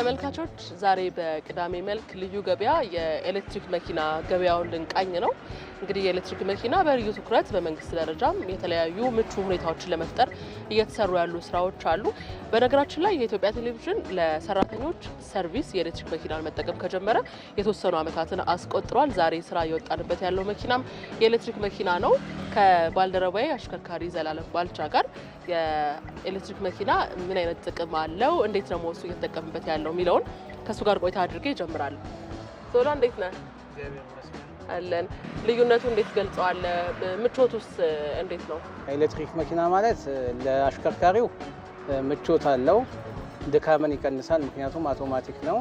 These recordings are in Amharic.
ተመልካቾች ዛሬ በቅዳሜ መልክ ልዩ ገበያ የኤሌክትሪክ መኪና ገበያውን ልንቃኝ ነው። እንግዲህ የኤሌክትሪክ መኪና በልዩ ትኩረት በመንግስት ደረጃም የተለያዩ ምቹ ሁኔታዎችን ለመፍጠር እየተሰሩ ያሉ ስራዎች አሉ። በነገራችን ላይ የኢትዮጵያ ቴሌቪዥን ለሰራተኞች ሰርቪስ የኤሌክትሪክ መኪናን መጠቀም ከጀመረ የተወሰኑ ዓመታትን አስቆጥሯል። ዛሬ ስራ እየወጣንበት ያለው መኪናም የኤሌክትሪክ መኪና ነው። ከባልደረባዬ አሽከርካሪ ዘላለም ባልቻ ጋር የኤሌክትሪክ መኪና ምን አይነት ጥቅም አለው፣ እንዴት ነው እሱ እየተጠቀምበት ያለው የሚለውን ከእሱ ጋር ቆይታ አድርጌ ይጀምራል። ዞላ እንዴት ነህ? እንገልጻለን። ልዩነቱ እንዴት ገልጸዋል ምቾት ውስጥ እንዴት ነው? ኤሌክትሪክ መኪና ማለት ለአሽከርካሪው ምቾት አለው፣ ድካምን ይቀንሳል። ምክንያቱም አውቶማቲክ ነው።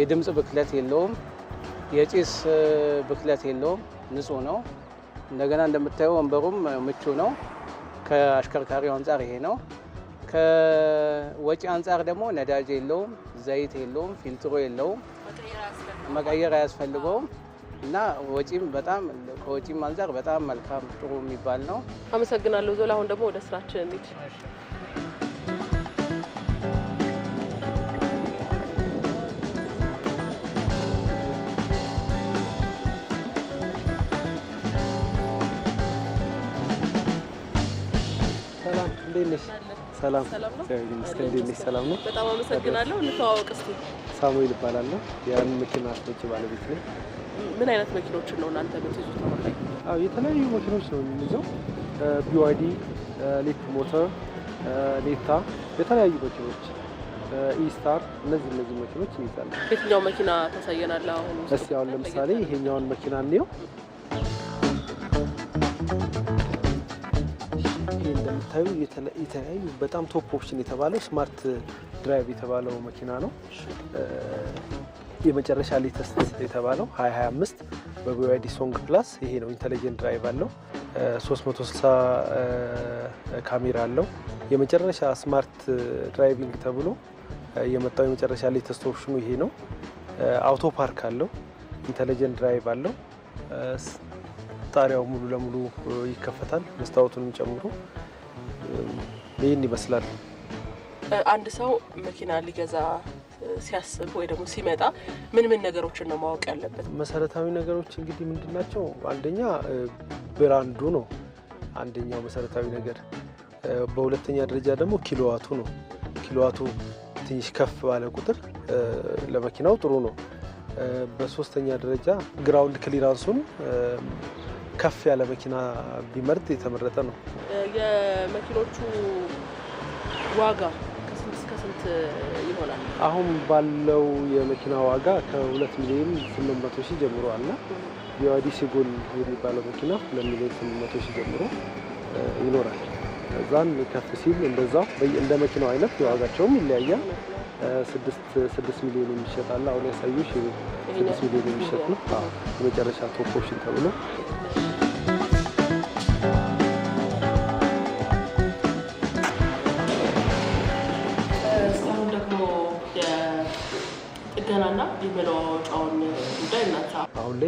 የድምፅ ብክለት የለውም፣ የጭስ ብክለት የለውም፣ ንጹህ ነው። እንደገና እንደምታየው ወንበሩም ምቹ ነው። ከአሽከርካሪው አንጻር ይሄ ነው። ከወጪ አንጻር ደግሞ ነዳጅ የለውም፣ ዘይት የለውም፣ ፊልትሮ የለውም፣ መቀየር አያስፈልገውም። እና ወጪም በጣም ከወጪም አንጻር በጣም መልካም ጥሩ የሚባል ነው። አመሰግናለሁ ዞላ። አሁን ደግሞ ወደ ስራችን እንሂድ። ሰላም ሰላም ነው። በጣም አመሰግናለሁ። እንተዋወቅ እስኪ። ሳሙኤል እባላለሁ። ያን መኪና አስመጪ ባለቤት ነኝ። ምን አይነት መኪኖችን ነው እናንተ የምትይዙት? አዎ የተለያዩ መኪኖች ነው የሚይዘው፣ ቢዋይዲ፣ ሊፕ ሞተር፣ ሌታ፣ የተለያዩ መኪኖች ኢስታር፣ እነዚህ እነዚህ መኪኖች ይይዛለን። የትኛው መኪና ታሳየናለህ አሁን? እስኪ አሁን ለምሳሌ ይሄኛውን መኪና እንየው። ይህ እንደምታዩ የተለያዩ በጣም ቶፕ ኦፕሽን የተባለው ስማርት ድራይቭ የተባለው መኪና ነው። የመጨረሻ ሌተስት የተባለው 2025 በቢዋይዲ ሶንግ ፕላስ ይሄ ነው። ኢንተለጀንት ድራይቭ አለው፣ 360 ካሜራ አለው። የመጨረሻ ስማርት ድራይቪንግ ተብሎ የመጣው የመጨረሻ ሌተስት ኦፕሽኑ ይሄ ነው። አውቶ ፓርክ አለው፣ ኢንተለጀንት ድራይቭ አለው። ጣሪያው ሙሉ ለሙሉ ይከፈታል፣ መስታወቱንም ጨምሮ ይህን ይመስላል። አንድ ሰው መኪና ሊገዛ ሲያስብ ወይ ደግሞ ሲመጣ ምን ምን ነገሮችን ነው ማወቅ ያለበት? መሰረታዊ ነገሮች እንግዲህ ምንድን ናቸው? አንደኛ ብራንዱ ነው አንደኛው መሰረታዊ ነገር። በሁለተኛ ደረጃ ደግሞ ኪሎዋቱ ነው። ኪሎዋቱ ትንሽ ከፍ ባለ ቁጥር ለመኪናው ጥሩ ነው። በሶስተኛ ደረጃ ግራውንድ ክሊራንሱን ከፍ ያለ መኪና ቢመርጥ የተመረጠ ነው። የመኪኖቹ ዋጋ ስንት ይሆናል? አሁን ባለው የመኪና ዋጋ ከሁለት ሚሊዮን ስምንት መቶ ሺህ ጀምሮ አለ። የዋዲ ሲጎል የሚባለው መኪና ሁለት ሚሊዮን ስምንት መቶ ሺህ ጀምሮ ይኖራል። እዛን ከፍ ሲል እንደዛው እንደ መኪናው አይነት የዋጋቸውም ይለያያል። ስድስት ሚሊዮን የሚሸጥ አለ። አሁን ያሳዩሽ ስድስት ሚሊዮን የሚሸጥ ነው የመጨረሻ ቶፕ ኦፕሽን ተብሎ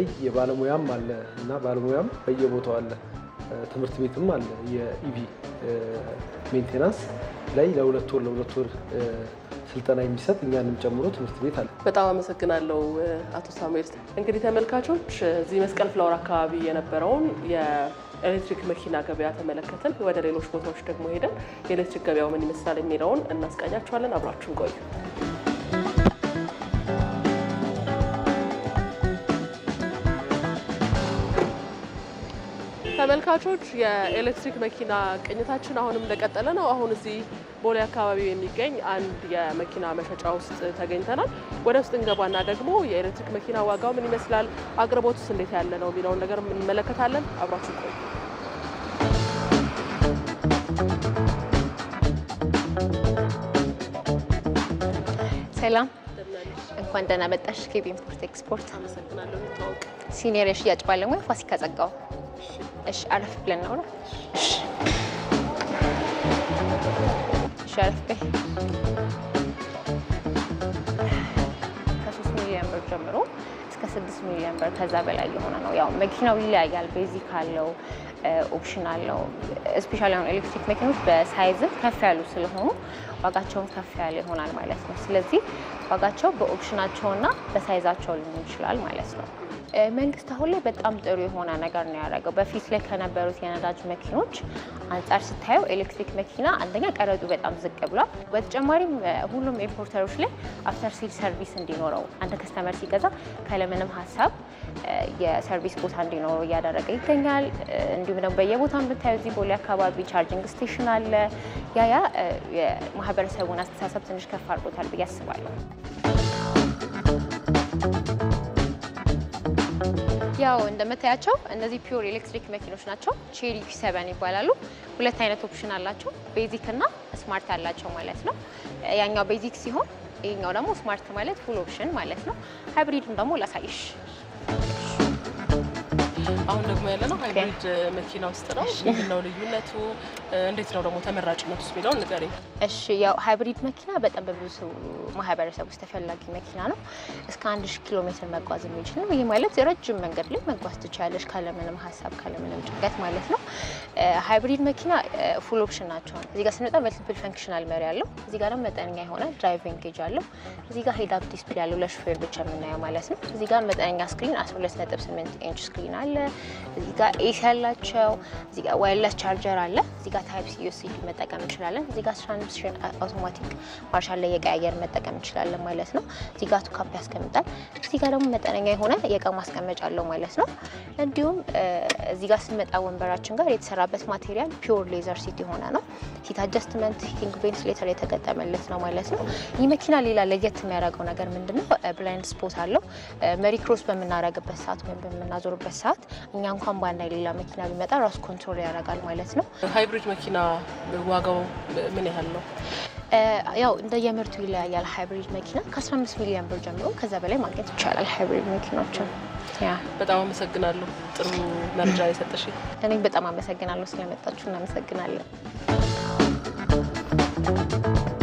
በተለይ የባለሙያም አለ እና ባለሙያም በየቦታው አለ። ትምህርት ቤትም አለ። የኢቪ ሜንቴናንስ ላይ ለሁለት ወር ለሁለት ወር ስልጠና የሚሰጥ እኛንም ጨምሮ ትምህርት ቤት አለ። በጣም አመሰግናለሁ አቶ ሳሙኤል። እንግዲህ ተመልካቾች እዚህ መስቀል ፍላወር አካባቢ የነበረውን የኤሌክትሪክ መኪና ገበያ ተመለከትን። ወደ ሌሎች ቦታዎች ደግሞ ሄደን የኤሌክትሪክ ገበያው ምን ይመስላል የሚለውን እናስቃኛችኋለን። አብራችሁን ቆዩ። ተመልካቾች የኤሌክትሪክ መኪና ቅኝታችን አሁንም እንደቀጠለ ነው። አሁን እዚህ ቦሌ አካባቢ የሚገኝ አንድ የመኪና መሸጫ ውስጥ ተገኝተናል። ወደ ውስጥ እንገባና ደግሞ የኤሌክትሪክ መኪና ዋጋው ምን ይመስላል፣ አቅርቦቱስ እንዴት ያለ ነው የሚለውን ነገር እንመለከታለን። አብራችሁ ቆዩ። ሰላም፣ እንኳን ደህና መጣሽ። ከኢምፖርት ኤክስፖርት ሲኒየር የሽያጭ ባለሙያ ፋሲካ ጸጋው እሺ፣ አለፍ ብለን ነው። እሺ፣ አለፍ በይ። ከሶስት ሚሊዮን ብር ጀምሮ እስከ ስድስት ሚሊዮን ብር ከዛ በላይ የሆነ ነው። ያው መኪናው ይለያያል። ቤዚክ አለው፣ ኦፕሽን አለው። ስፔሻሊ አሁን ኤሌክትሪክ መኪኖች በሳይዝም ከፍ ያሉ ስለሆኑ ዋጋቸውም ከፍ ያለ ይሆናል ማለት ነው። ስለዚህ ዋጋቸው በኦፕሽናቸውና በሳይዛቸው ሊሆን ይችላል ማለት ነው። መንግስት አሁን ላይ በጣም ጥሩ የሆነ ነገር ነው ያደረገው። በፊት ላይ ከነበሩት የነዳጅ መኪኖች አንጻር ስታየው ኤሌክትሪክ መኪና አንደኛ ቀረጡ በጣም ዝቅ ብሏል። በተጨማሪም ሁሉም ኤርፖርተሮች ላይ አፍተር ሴል ሰርቪስ እንዲኖረው አንድ ከስተመር ሲገዛ ከለምንም ሀሳብ የሰርቪስ ቦታ እንዲኖረው እያደረገ ይገኛል። እንዲሁም ደግሞ በየቦታ ብታዩ እዚህ ቦሌ አካባቢ ቻርጅንግ ስቴሽን አለ። ያያ የማህበረሰቡን አስተሳሰብ ትንሽ ከፍ አድርጎታል ብዬ አስባለሁ። ያው እንደምታያቸው እነዚህ ፒዮር ኤሌክትሪክ መኪኖች ናቸው። ቼሪ ኪሰበን ይባላሉ። ሁለት አይነት ኦፕሽን አላቸው፣ ቤዚክ እና ስማርት አላቸው ማለት ነው። ያኛው ቤዚክ ሲሆን ይሄኛው ደግሞ ስማርት ማለት ፉል ኦፕሽን ማለት ነው። ሃይብሪዱን ደግሞ ላሳይሽ። አሁን ደግሞ ያለ ነው ሃይብሪድ መኪና ውስጥ ነው። ምንድነው ልዩነቱ? እንዴት ነው ደግሞ ተመራጭነት የሚለውን ንገሪኝ። እሺ፣ ያው ሃይብሪድ መኪና በጣም በብዙ ማህበረሰብ ውስጥ ተፈላጊ መኪና ነው። እስከ አንድ ሺህ ኪሎ ሜትር መጓዝ የሚችል ነው። ይህ ማለት ረጅም መንገድ ላይ መጓዝ ትችላለች፣ ካለምንም ሀሳብ ካለምንም ጭንቀት ማለት ነው። ሃይብሪድ መኪና ፉል ኦፕሽን ናቸው። እዚህ ጋር ስንመጣ መልቲፕል ፈንክሽናል መሪ አለው። እዚህ ጋር ደግሞ መጠነኛ የሆነ ድራይቪንግ ጌጅ አለው። እዚህ ጋር ሄድ አፕ ዲስፕሌይ አለው ለሹፌር ብቻ የምናየው ማለት ነው። እዚህ ጋር መጠነኛ ስክሪን 12.8 ኢንች ስክሪን አለ። እዚህ ጋር ኤሲ ያላቸው፣ እዚህ ጋር ቻርጀር አለ። እዚህ ጋር ታይፕ ሲ ዩኤስቢ መጠቀም እንችላለን። እዚህ ጋር አውቶማቲክ ማርሻል ላይ የቀያየር መጠቀም እንችላለን ማለት ነው። እዚህ ጋር ቱካፕ ያስቀምጣል። እዚህ ጋር ደግሞ መጠነኛ የሆነ የእቃ ማስቀመጫ አለው ማለት ነው። እንዲሁም እዚህ ጋር ስንመጣ ወንበራችን ጋር የተሰራበት ማቴሪያል ፒዮር ሌዘር ሲት የሆነ ነው። አጀስትመንት፣ ሂቲንግ ቬንትሌተር የተገጠመለት ነው ማለት ነው። ይህ መኪና ሌላ ለየት የሚያደርገው ነገር ምንድነው? ብላይንድ uh, ስፖት አለው። መሪ uh, ክሮስ በምናደርግበት ሰዓት ወይም በምናዞርበት ሰዓት እኛ እንኳን በአንድ ሌላ መኪና ቢመጣ ራሱ ኮንትሮል ያደርጋል ማለት ነው። ሃይብሪድ መኪና ዋጋው ምን ያህል ነው? ያው እንደ የምርቱ ይለያያል። ሃይብሪድ መኪና ከ15 ሚሊዮን ብር ጀምሮ ከዛ በላይ ማግኘት ይቻላል። ሃይብሪድ መኪናዎችን በጣም አመሰግናለሁ። ጥሩ መረጃ የሰጠሽ። እኔም በጣም አመሰግናለሁ ስለመጣችሁ። እናመሰግናለን።